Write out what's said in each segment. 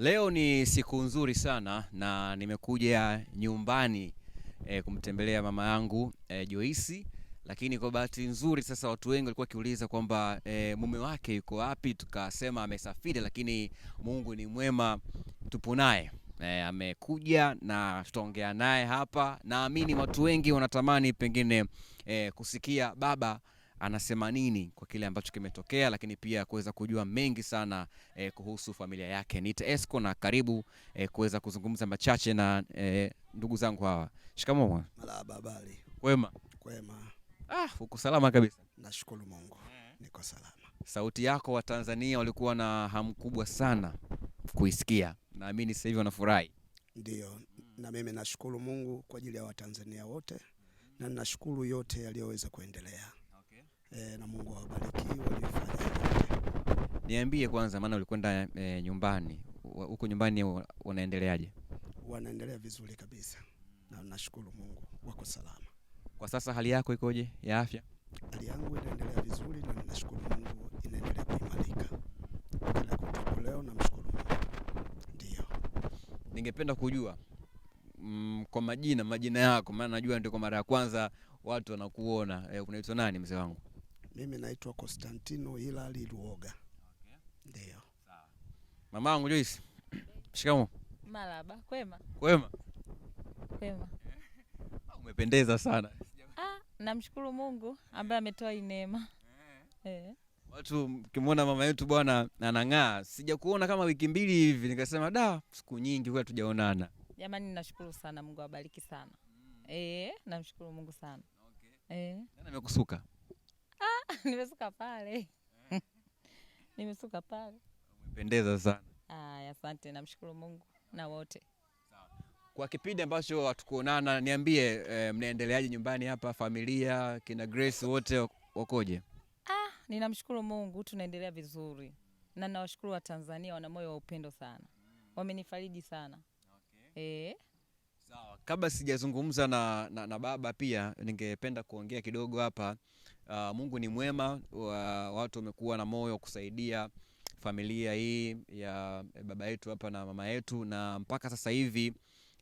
Leo ni siku nzuri sana na nimekuja nyumbani e, kumtembelea mama yangu e, Joyce, lakini kwa bahati nzuri sasa watu wengi walikuwa wakiuliza kwamba e, mume wake yuko wapi, tukasema amesafiri, lakini Mungu ni mwema, tupo naye e, amekuja na tutaongea naye hapa. Naamini watu wengi wanatamani pengine e, kusikia baba anasema nini kwa kile ambacho kimetokea, lakini pia kuweza kujua mengi sana eh, kuhusu familia yake. Niite Esco na karibu eh, kuweza kuzungumza machache na eh, ndugu zangu hawa. Shikamoo. Marahaba, Kwema. Kwema. Ah, uko salama kabisa? Nashukuru Mungu. Niko salama. Sauti yako Watanzania walikuwa na hamu kubwa sana kuisikia, naamini sasa hivi wanafurahi. ndio na mimi nashukuru Mungu kwa ajili ya Watanzania wote na nashukuru yote yaliyoweza kuendelea e, na Mungu awabariki waliofanya. Niambie kwanza, maana ulikwenda e, nyumbani huko nyumbani wanaendeleaje? Wanaendelea vizuri kabisa na nashukuru Mungu, wako salama. Kwa sasa hali yako ikoje ya afya? Hali yangu inaendelea vizuri na nashukuru Mungu, inaendelea kuimarika kila kutoka leo, namshukuru Mungu. Ndio ningependa kujua mm, kwa majina majina yako, maana najua ndio kwa mara ya kwanza watu wanakuona. E, unaitwa nani mzee wangu? Mimi naitwa Konstantino Hilali Luoga. Ndio. Okay. Mamangu Joyce. Shikamo. Malaba. Kwema. Kwema. Kwema. Ah, umependeza sana. Ah, namshukuru Mungu ambaye ametoa hii neema. Eh. eh. Watu mkimwona mama yetu bwana anang'aa. Sijakuona kama wiki mbili hivi, nikasema da, siku nyingi kwa tujaonana. Jamani, nashukuru sana, Mungu abariki sana. Mm. Eh, namshukuru Mungu sana. Okay. Eh. amekusuka? nimesuka pale nimesuka pale. Umependeza sana. Aya, asante, namshukuru Mungu na wote. Kwa kipindi ambacho hatukuonana, niambie eh, mnaendeleaje nyumbani hapa, familia kina Grace wote wakoje? Ah, ninamshukuru Mungu tunaendelea vizuri, na nawashukuru Watanzania, wana moyo wa upendo sana, wamenifariji sana okay. E. Sawa, kabla sijazungumza na, na, na baba pia ningependa kuongea kidogo hapa Uh, Mungu ni mwema. Uh, watu wamekuwa na moyo kusaidia familia hii ya baba yetu hapa na mama yetu, na mpaka sasa hivi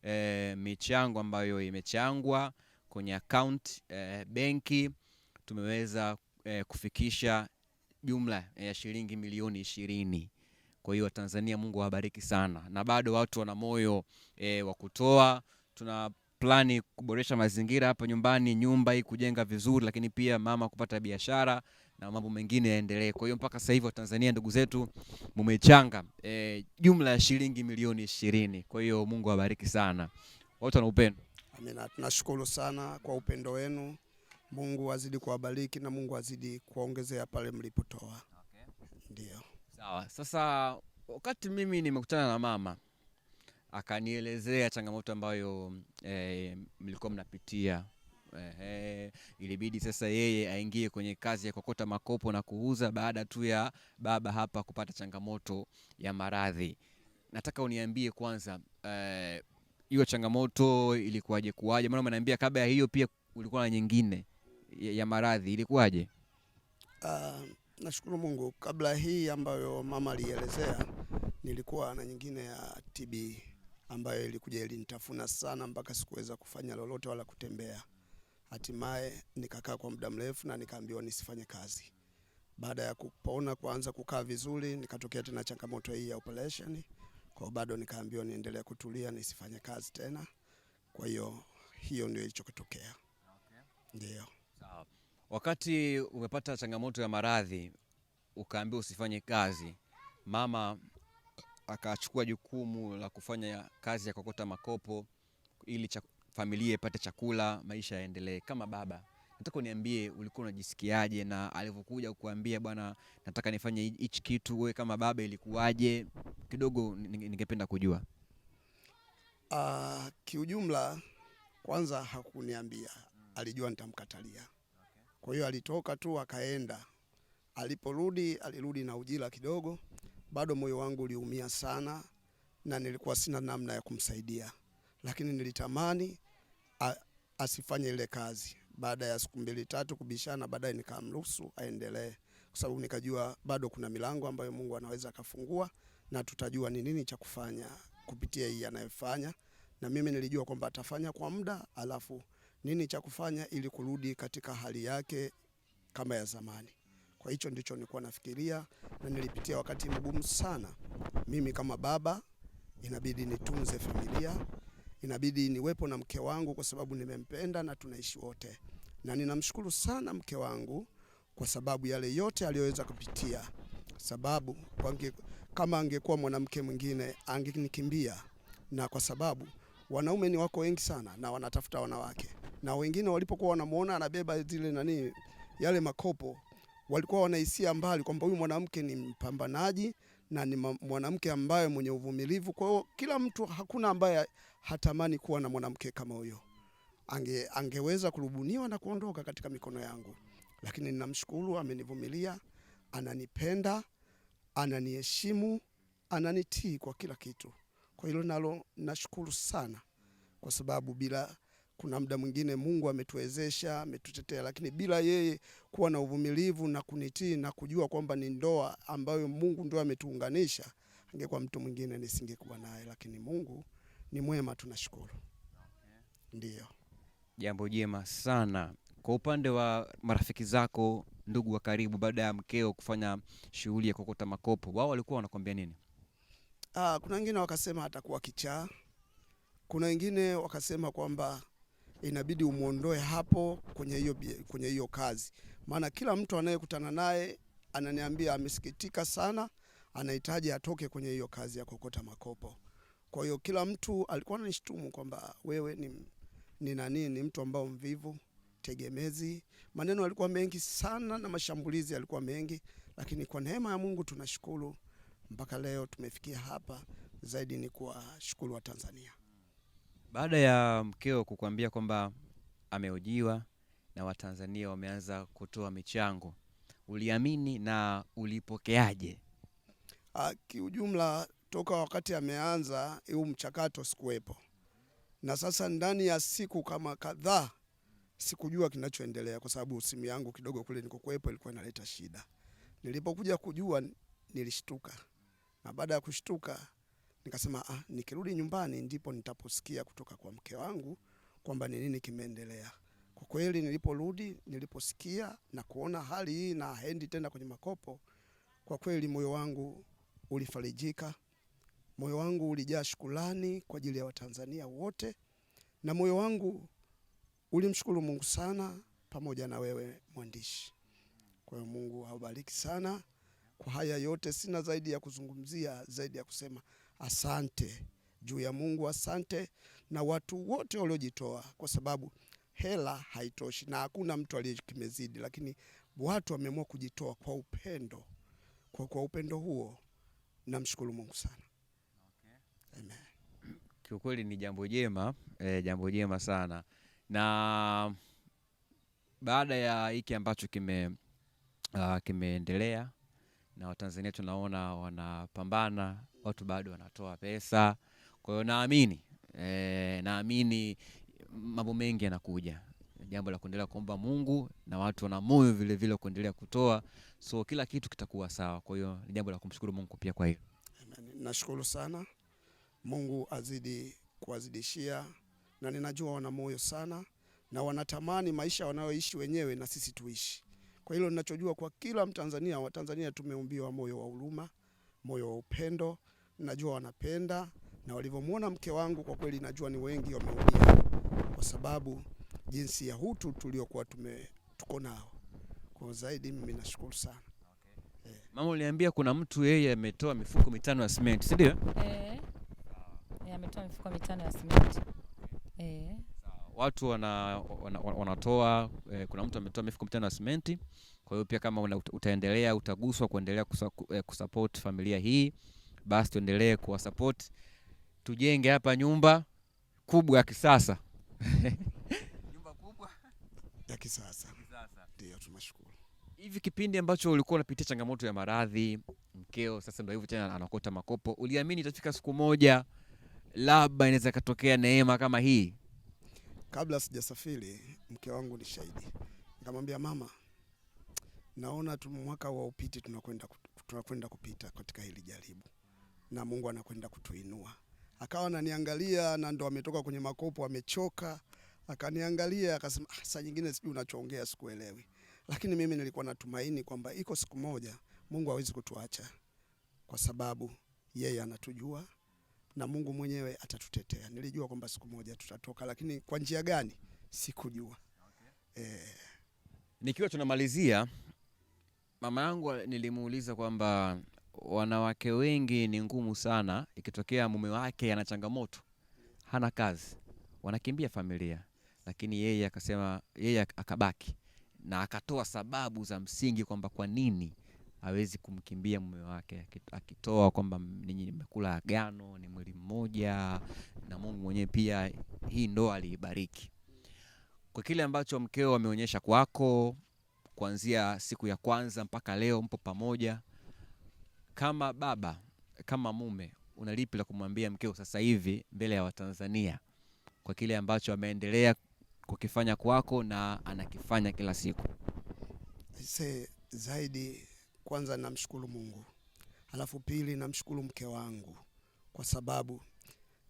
eh, michango ambayo imechangwa kwenye account eh, benki tumeweza eh, kufikisha jumla ya eh, shilingi milioni ishirini. Kwa hiyo Tanzania, Mungu awabariki sana, na bado watu wana moyo eh, wa kutoa tuna plani kuboresha mazingira hapa nyumbani, nyumba hii kujenga vizuri, lakini pia mama kupata biashara na mambo mengine yaendelee. Kwa hiyo mpaka sasa hivi Watanzania ndugu zetu mumechanga e, jumla ya shilingi milioni ishirini. Kwa hiyo Mungu awabariki sana, watu wana upendo. Amina, tunashukuru sana kwa upendo wenu. Mungu azidi kuwabariki na Mungu azidi kuongezea pale mlipotoa. Okay. Ndio sawa. Sasa wakati mimi nimekutana na mama akanielezea changamoto ambayo e, mlikuwa mnapitia. Ehe, ilibidi sasa yeye aingie kwenye kazi ya kokota makopo na kuuza baada tu ya baba hapa kupata changamoto ya maradhi. Nataka uniambie kwanza eh, hiyo e, changamoto ilikuwaje kuwaje? Maana umeniambia kabla ya hiyo pia ulikuwa na nyingine ya, ya maradhi ilikuwaje? Uh, nashukuru Mungu, kabla hii ambayo mama alielezea nilikuwa na nyingine ya TB ambayo ilikuja ilinitafuna sana mpaka sikuweza kufanya lolote wala kutembea. Hatimaye nikakaa kwa muda mrefu na nikaambiwa nisifanye kazi. Baada ya kupona kuanza kukaa vizuri, nikatokea tena changamoto hii ya operation. Kwa bado nikaambiwa niendelee kutulia nisifanye kazi tena. Kwa hiyo hiyo ndio ilichotokea. Okay. Ndio. Sawa. Wakati umepata changamoto ya maradhi ukaambiwa usifanye kazi, mama akachukua jukumu la kufanya kazi ya kokota makopo ili cha, familia ipate chakula, maisha yaendelee. Kama baba, nataka uniambie ulikuwa unajisikiaje na alivyokuja kukuambia bwana, nataka nifanye hichi kitu, wewe kama baba ilikuwaje? Kidogo ningependa kujua. Uh, kiujumla kwanza hakuniambia, alijua nitamkatalia. Kwa hiyo alitoka tu akaenda, aliporudi alirudi na ujira kidogo bado moyo wangu uliumia sana, na nilikuwa sina namna ya kumsaidia, lakini nilitamani a, asifanye ile kazi. Baada ya siku mbili tatu kubishana, baadaye nikamruhusu aendelee, kwa sababu nikajua bado kuna milango ambayo Mungu anaweza akafungua, na tutajua ni nini cha kufanya kupitia hii anayofanya. Na mimi nilijua kwamba atafanya kwa muda, alafu nini cha kufanya ili kurudi katika hali yake kama ya zamani. Kwa hicho ndicho nilikuwa nafikiria na nilipitia wakati mgumu sana. Mimi kama baba inabidi nitunze familia, inabidi niwepo na mke wangu kwa sababu nimempenda na tunaishi wote, na ninamshukuru sana mke wangu kwa sababu yale yote aliyoweza kupitia, sababu wange, kama angekuwa mwanamke mwingine angenikimbia, na kwa sababu wanaume ni wako wengi sana na wanatafuta wanawake, na wengine walipokuwa wanamuona anabeba zile nani yale makopo walikuwa wanahisia mbali kwamba huyu mwanamke ni mpambanaji na ni mwanamke ambaye mwenye uvumilivu. Kwa hiyo kila mtu, hakuna ambaye hatamani kuwa na mwanamke kama huyo. Ange, angeweza kurubuniwa na kuondoka katika mikono yangu, lakini ninamshukuru, amenivumilia, ananipenda, ananiheshimu, ananitii kwa kila kitu. Kwa hilo nalo nashukuru sana, kwa sababu bila kuna muda mwingine Mungu ametuwezesha, ametutetea, lakini bila yeye kuwa na uvumilivu na kunitii na kujua kwamba ni ndoa ambayo Mungu ndio ametuunganisha, angekuwa mtu mwingine nisingekuwa naye, lakini Mungu ni mwema, tunashukuru. ndio jambo jema sana. Kwa upande wa marafiki zako, ndugu wa karibu, baada ya mkeo kufanya shughuli ya kokota makopo, wao walikuwa wanakuambia nini? Aa, ah, kuna wengine wakasema atakuwa kichaa, kuna wengine wakasema kwamba inabidi umwondoe hapo kwenye hiyo kwenye hiyo kazi, maana kila mtu anayekutana naye ananiambia amesikitika sana, anahitaji atoke kwenye hiyo kazi ya kokota makopo. Kwa hiyo kila mtu alikuwa ananishtumu kwamba wewe ni, ni nani, ni mtu ambao mvivu, tegemezi. Maneno yalikuwa mengi sana na mashambulizi yalikuwa mengi, lakini kwa neema ya Mungu tunashukuru mpaka leo tumefikia hapa. Zaidi ni kuwashukuru Watanzania. Baada ya mkeo kukuambia kwamba ameojiwa na Watanzania wameanza kutoa michango, uliamini na ulipokeaje? Ah, kiujumla toka wakati ameanza huu mchakato sikuwepo, na sasa ndani ya siku kama kadhaa sikujua kinachoendelea, kwa sababu simu yangu kidogo kule nikokuwepo ilikuwa inaleta shida. Nilipokuja kujua nilishtuka, na baada ya kushtuka Nikasema ah, nikirudi nyumbani ndipo nitaposikia kutoka kwa mke wangu kwamba ni nini kimeendelea. Kwa kweli niliporudi, niliposikia na kuona hali hii na hendi tena kwenye makopo, kwa kweli moyo wangu ulifarijika, moyo wangu ulijaa shukrani kwa ajili ya Watanzania wote, na moyo wangu ulimshukuru Mungu sana, pamoja na wewe mwandishi. Kwa hiyo Mungu awabariki sana kwa haya yote, sina zaidi ya kuzungumzia, zaidi ya kusema asante juu ya Mungu, asante na watu wote waliojitoa, kwa sababu hela haitoshi na hakuna mtu aliyekimezidi, lakini watu wameamua kujitoa kwa upendo. Kwa, kwa upendo huo namshukuru Mungu sana. Okay. Amen. Kiukweli ni jambo jema eh, jambo jema sana na baada ya hiki ambacho kime uh, kimeendelea na Watanzania tunaona wanapambana, watu bado wanatoa pesa. Kwa hiyo naamini e, naamini mambo mengi yanakuja, jambo la kuendelea kuomba Mungu na watu wana moyo vile vile kuendelea kutoa, so kila kitu kitakuwa sawa. Kwa hiyo ni jambo la kumshukuru Mungu pia kwa hilo. Nashukuru sana Mungu azidi kuwazidishia, na ninajua wana moyo sana na wanatamani maisha wanayoishi wenyewe na sisi tuishi. Kwa hilo ninachojua kwa kila Mtanzania, Watanzania tumeumbiwa moyo wa huruma, moyo wa upendo. Najua wanapenda na walivyomwona mke wangu, kwa kweli najua ni wengi wameumia kwa sababu jinsi ya hutu tuliokuwa tume tuko nao. Kwa zaidi mimi nashukuru sana. Eh. Mama uliambia kuna mtu yeye ametoa mifuko mitano ya simenti, si ndio? Eh. eh ametoa mifuko mitano ya simenti. Eh watu wana, wana, wanatoa eh, kuna mtu ametoa mifuko mitano ya simenti. Kwa hiyo pia kama una, utaendelea utaguswa kuendelea kusa, eh, kusupport familia hii, basi tuendelee kuwasupport, tujenge hapa nyumba kubwa ya kisasa nyumba kubwa ya kisasa ndio. Tunashukuru. Hivi kipindi ambacho ulikuwa unapitia changamoto ya maradhi, mkeo sasa ndio hivyo tena anakota makopo, uliamini itafika siku moja labda inaweza katokea neema kama hii? Kabla sijasafiri mke wangu ni shahidi, nikamwambia mama, naona tu mwaka wa upiti tunakwenda tunakwenda kupita katika hili jaribu na Mungu anakwenda kutuinua. Akawa ananiangalia na ndo ametoka kwenye makopo amechoka, akaniangalia akasema, ah, saa nyingine sijui unachoongea sikuelewi, lakini mimi nilikuwa natumaini kwamba iko siku moja Mungu hawezi kutuacha kwa sababu yeye anatujua na Mungu mwenyewe atatutetea. Nilijua kwamba siku moja tutatoka, lakini kwa njia gani sikujua. Okay. E... nikiwa tunamalizia, mama yangu nilimuuliza kwamba wanawake wengi ni ngumu sana, ikitokea mume wake ana changamoto, hana kazi, wanakimbia familia, lakini yeye akasema, yeye akabaki na akatoa sababu za msingi kwamba kwa nini hawezi kumkimbia mume wake akitoa kwamba ninyi nimekula agano, ni mwili mmoja na Mungu mwenyewe pia hii ndoa aliibariki. Kwa kile ambacho mkeo ameonyesha kwako kuanzia siku ya kwanza mpaka leo mpo pamoja, kama baba, kama mume, una lipi la kumwambia mkeo sasa hivi mbele ya Watanzania kwa kile ambacho ameendelea kukifanya kwako na anakifanya kila siku? Se, zaidi kwanza namshukuru Mungu, alafu pili namshukuru mke wangu kwa sababu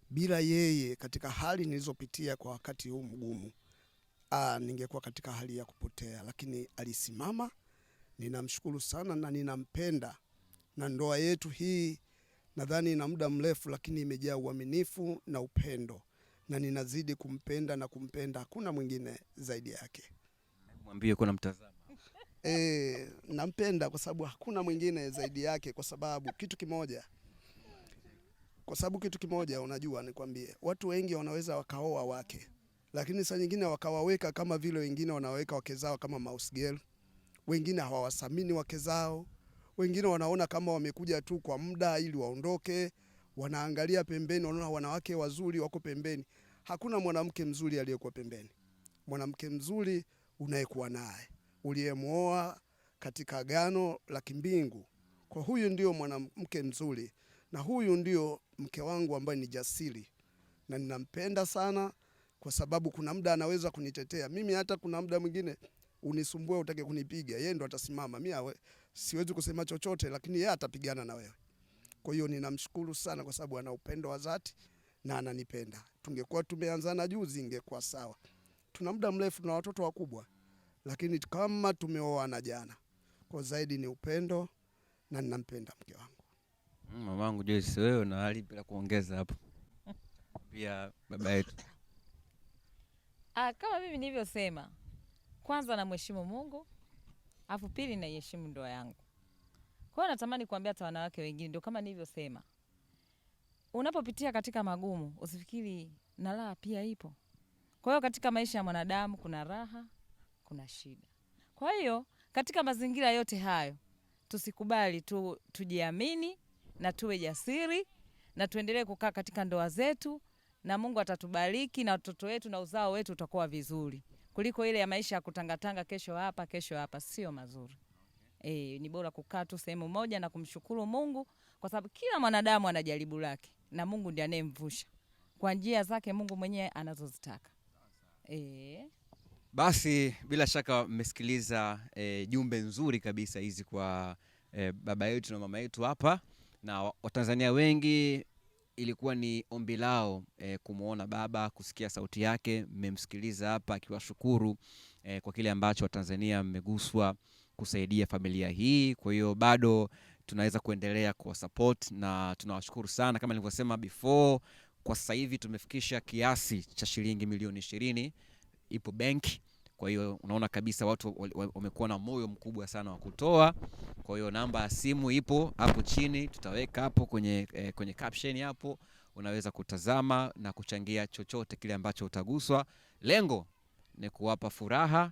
bila yeye katika hali nilizopitia kwa wakati huu mgumu, ah, ningekuwa katika hali ya kupotea, lakini alisimama. Ninamshukuru sana na ninampenda, na ndoa yetu hii nadhani ina muda mrefu, lakini imejaa uaminifu na upendo, na ninazidi kumpenda na kumpenda, hakuna mwingine zaidi yake. Mwambie kuna mtazamo E, nampenda kwa sababu hakuna mwingine zaidi yake, kwa sababu kitu kimoja, kwa sababu kitu kimoja, unajua nikwambie, watu wengi wanaweza wakaoa wake, lakini saa nyingine wakawaweka kama vile wengine wanaweka wake zao kama mouse girl. Wengine hawawasamini wake zao, wengine wanaona kama wamekuja tu kwa muda ili waondoke, wanaangalia pembeni, wanaona wanawake wazuri wako pembeni. Hakuna mwanamke mzuri aliyekuwa pembeni. Mwanamke mzuri unayekuwa naye uliyemwoa katika agano la kimbingu. Kwa huyu ndio mwanamke mzuri, na huyu ndio mke wangu ambaye ni jasiri na ninampenda sana, kwa sababu kuna muda anaweza kunitetea mimi. Hata kuna muda mwingine unisumbue, utake kunipiga, yeye ndo atasimama. Mimi siwezi kusema chochote, lakini yeye atapigana na wewe. Kwa hiyo ninamshukuru sana, kwa sababu ana upendo wa dhati na ananipenda. Tungekuwa tumeanzana juzi ingekuwa sawa. Tuna muda mrefu, na watoto wakubwa lakini kama tumeoana jana, kwa zaidi ni upendo na ninampenda mke wangu. Mm, mamangu Joyce, wewe una hali bila kuongeza hapo, pia baba yetu Ah, kama mimi nilivyosema, kwanza namheshimu Mungu, afu pili naiheshimu ndoa yangu. Kwa hiyo natamani kuambia hata wanawake wengine, ndio kama nilivyosema, unapopitia katika magumu usifikiri na raha pia ipo. Kwa hiyo katika maisha ya mwanadamu kuna raha kuna shida. Kwa hiyo katika mazingira yote hayo tusikubali tu, tujiamini na tuwe jasiri na tuendelee kukaa katika ndoa zetu, na Mungu atatubariki na watoto wetu na uzao wetu utakuwa vizuri kuliko ile ya maisha ya kutangatanga, kesho hapa kesho hapa, sio mazuri. E, ni bora kukaa tu sehemu moja na kumshukuru Mungu kwa sababu kila mwanadamu ana jaribu lake na Mungu ndiye anayemvusha kwa njia zake Mungu mwenyewe anazozitaka. E. Basi bila shaka mmesikiliza e, jumbe nzuri kabisa hizi kwa e, baba yetu na mama yetu hapa, na Watanzania wengi ilikuwa ni ombi lao e, eh, kumwona baba, kusikia sauti yake. Mmemsikiliza hapa akiwashukuru e, kwa kile ambacho Watanzania mmeguswa kusaidia familia hii. Kwa hiyo bado tunaweza kuendelea kuwa support na tunawashukuru sana, kama nilivyosema before, kwa sasa hivi tumefikisha kiasi cha shilingi milioni ishirini ipo benki. Kwa hiyo unaona kabisa watu wamekuwa na moyo mkubwa sana wa kutoa. Kwa hiyo namba ya simu ipo hapo chini, tutaweka hapo kwenye, eh, kwenye caption hapo, unaweza kutazama na kuchangia chochote kile ambacho utaguswa. Lengo ni kuwapa furaha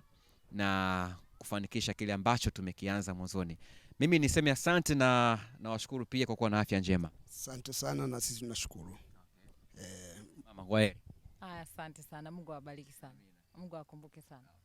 na kufanikisha kile ambacho tumekianza mwanzoni. Mimi niseme asante na nawashukuru pia kwa kuwa na afya njema. Asante sana na sisi tunashukuru. Okay. Eh, mama, kwa Asante sana, Mungu awabariki sana. Mungu akumbuke sana.